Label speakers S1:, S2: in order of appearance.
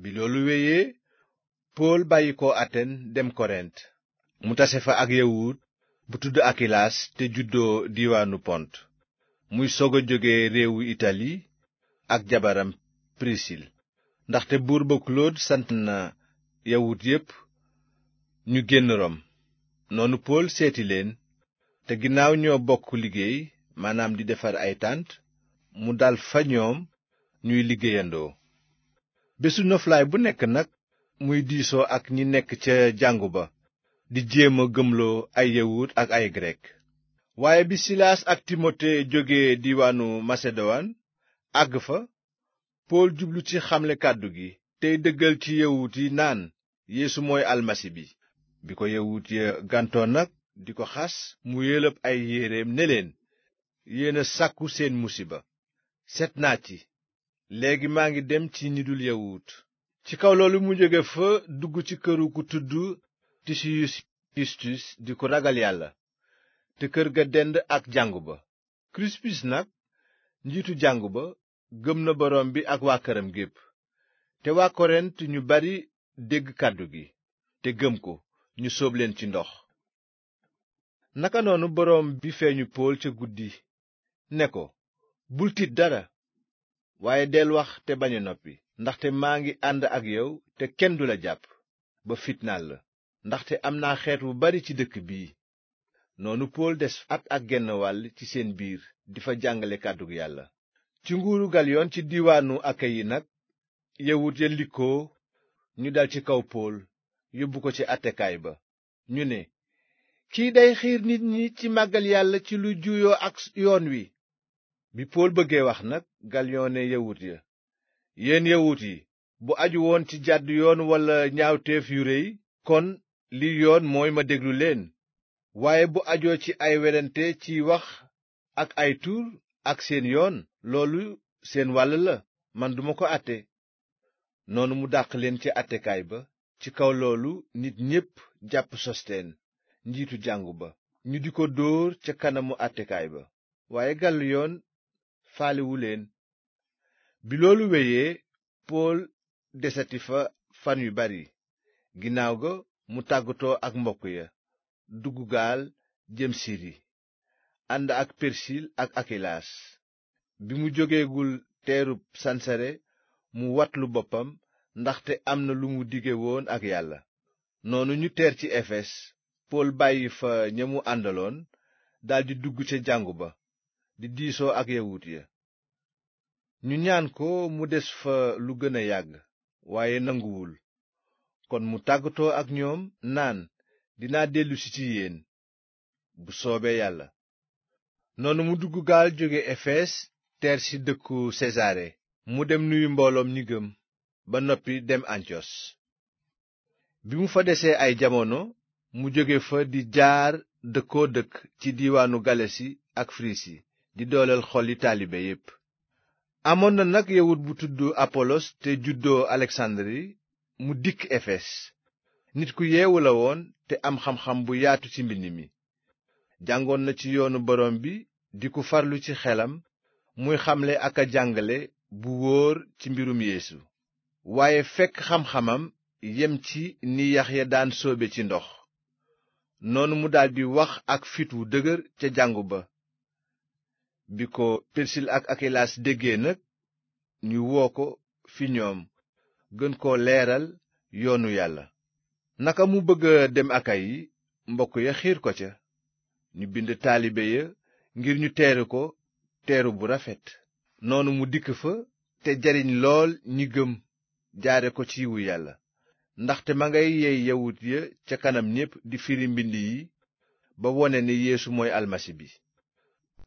S1: bi loolu wéyee pool bàyyi ko aten dem korent mu tase fa ak yawut bu tudd akilaas te juddoo diwaanu pont muy a jóge réewu itali ak jabaram pirisil ndaxte buur ba kulood sant na yawut yépp ñu génn rom noonu pool seeti leen te ginnaaw ñoo bokk liggéey maanaam di defar ay tànt mu dal fa ñoom ñuy liggéeyandoo bésu noflaay bu nekk nag muy diisoo ak ñi nekk ca jàngu ba di jéem a gëmloo ay yawut ak ay grek waaye bi silaas ak timote jóge diiwaanu maseduwaan àgg fa pool jublu ci xamle kàddu gi tey dëggal ci yawut yi naan yéesu mooy almasi bi bi ko yawut ya gàntoon nag di ko xas mu yëlëb ay yéreem ne leen yéena sàkku seen musiba set naa ci léegi maa ngi dem ci ñi dul yawut ci kaw loolu mu jóge fa dugg ci këru ku tudd tisiyus yustus di ku ragal yàlla te kër ga dend ak jàngu ba krispus nag njiitu jàngu ba gëm na boroom bi ak waa këram gépp te waa korent ñu bari dégg kàddu gi te gëm ko ñu sóob leen ci ndox naka noonu borom bi feeñu pool ca guddi ne ko bul tiit dara waaye del wax te bañ noppi ndaxte maa ngi ànd ak yow te kenn du la jàpp ba fitnaal la ndaxte am naa xeet wu bari ci dëkk bii noonu pool des at ak genn wàll ci seen biir di fa jàngale kàddug yàlla ci nguuru galyoon ci diiwaanu akayi nag yawut ya likkoo ñu dal ci kaw pool yóbbu ko ci attekaay ba ñu ne kii day xiir nit ñi ci màggal yàlla ci lu juyoo ak yoon wi bi pool bëggee wax nag galyon ne yawut ya yéen yawut yi bu aju woon ci jàdd yoon walla ñaawteef yu réy kon lii yoon mooy ma déglu leen waaye bu ajoo ci ay werante ci wax ak ay tuur ak seen yoon loolu seen wàll la man duma ko àtte noonu mu dàq leen ca àttekaay ba ci kaw loolu nit ñépp jàpp sosteen njiitu jàngu ba ñu di ko dóor ca kanamu àttekaay ba waaye gàll faalewu bi loolu wéyee pool desati fa fan yu bari ginnaaw ga mu tàggatoo ak mbokk ya dugg gaal jëm siri ànd ak persil ak akilaas bi mu jógeegul teerub sansare mu watlu boppam ndaxte am na lu mu digge woon ak yàlla noonu ñu teer ci efes pool bàyyi fa ñamu mu àndaloon daldi dugg ca jàngu ba diisoo ak yawut ñu ñaan ko mu des fa lu gën a yàgg waaye nanguwul kon mu tàggatoo ak ñoom naan dinaa dellusi ci bu soobee yàlla noonu mu dugg gaal jóge efees teer ci dëkku sesaare mu dem nuyu mbooloom ñi gëm ba noppi dem antiyos bi mu fa desee ay jamono mu jóge fa di jaar dëkkoo dëkk ci diwaanu galasi ak firisi di dooleel xoli taalibe yépp amoon na nag yawut bu tudd apolos te juddoo aleksandri mu dikk efes nit ku yeewu la woon te am xam-xam bu yaatu ci mbind mi jàngoon na ci yoonu borom bi di ku farlu ci xelam muy xamle ak a jàngale bu wóor ci mbirum yéesu waaye fekk xam-xamam yem ci ni yaxya daan soobe ci ndox noonu mu daldi wax ak fit wu dëgër ca jàngu ba bi ko pirsil ak akilaas déggee nag ñu woo ko fi ñoom gën koo leeral yoonu yàlla naka mu bëgg a dem akayi mbokk ya xiir ko ca ñu bind taalibe ya ngir ñu teeru ko teeru bu rafet noonu mu dikk fa te jariñ lool ñi gëm jaare ko ci yiwu yàlla ndaxte ma ngay yey yawut ya ca kanam ñépp di firi mbind yi ba wone ni yéesu mooy almasi bi